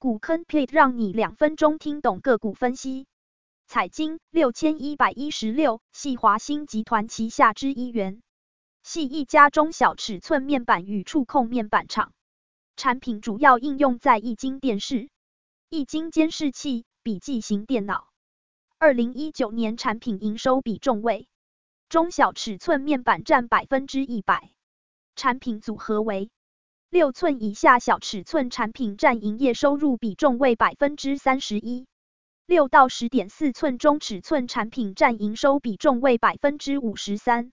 股坑 plate 讓你兩分鐘聽懂個股分析。彩晶六千一百一十六係華新集團旗下之一員，係一家中小尺寸面板與觸控面板廠，產品主要應用在液晶電視、液晶監視器、筆記型電腦。二零一九年產品營收比重為中小尺寸面板占百分之一百，產品組合為。六寸以下小尺寸產品占營業收入比重為百分之三十一，六到十點四寸中尺寸產品占營收比重為百分之五十三，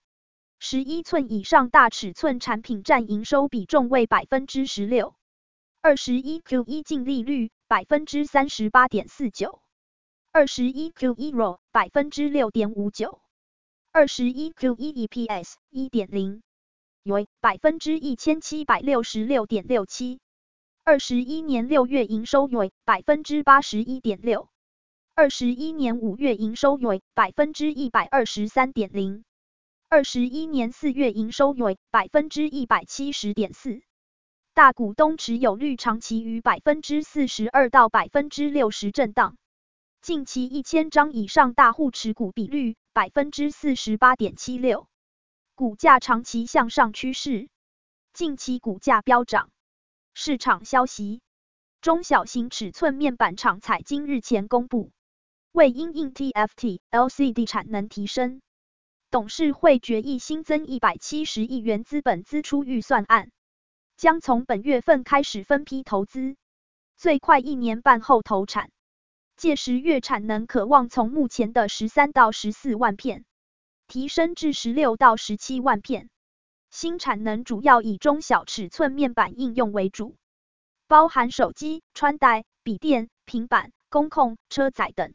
十一寸以上大尺寸產品占營收比重為百分之十六。二十一 Q 一淨利率百分之三十八點四九，二十一 Q 一 ROE 百分之六點五九，二十一 Q 一 EPS 一點零。為百分之一千七百六十六點六七，二十一年六月營收為百分之八十一點六，二十一年五月營收為百分之一百二十三點零，二十一年四月營收為百分之一百七十點四。大股東持有率長期於百分之四十二到百分之六十震盪，近期一千張以上大戶持股比率百分之四十八點七六。股價長期向上趨勢，近期股價飆漲。市場消息，中小型尺寸面板廠彩晶日前公布，為因應 TFT-LCD 產能提升，董事會決議新增一百七十億元資本支出預算案，將從本月份開始分批投資，最快一年半後投產，屆時月產能可望從目前的十三到十四萬片。提升至十六到十七萬片，新產能主要以中小尺寸面板應用為主，包含手機、穿戴、筆電、平板、工控、車載等，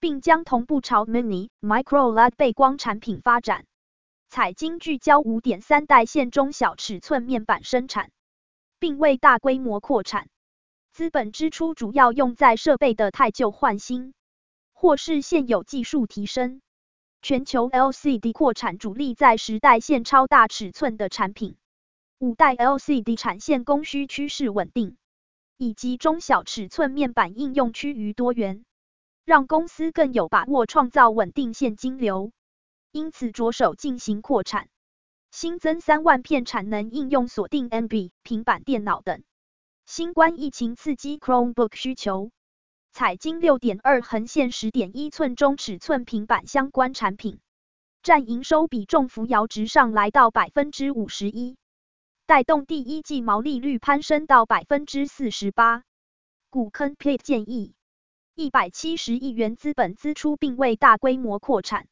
並將同步朝 Mini、Micro LED 背光產品發展。彩晶聚焦五點三代線中小尺寸面板生產，並未大規模擴產，資本支出主要用在設備的汰舊換新，或是現有技術提升。全球 LCD 擴產主力在十代線超大尺寸的產品，五代 LCD 產線供需趨勢穩定，以及中小尺寸面板應用趨於多元，讓公司更有把握創造穩定現金流，因此着手進行擴產，新增三萬片產能，應用鎖定 NB 平板電腦等。新冠疫情刺激 Chromebook 需求。彩晶六點二橫線十點一寸中尺寸平板相關產品占營收比重扶搖直上，來到百分之五十一，帶動第一季毛利率攀升到百分之四十八。股坑 pit 建議：一百七十億元資本支出並未大規模擴產，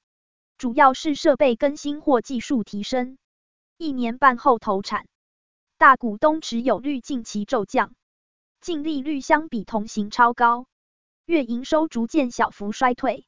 主要是設備更新或技術提升，一年半後投產。大股東持有率近期驟降，淨利率相比同行超高。月營收逐漸小幅衰退。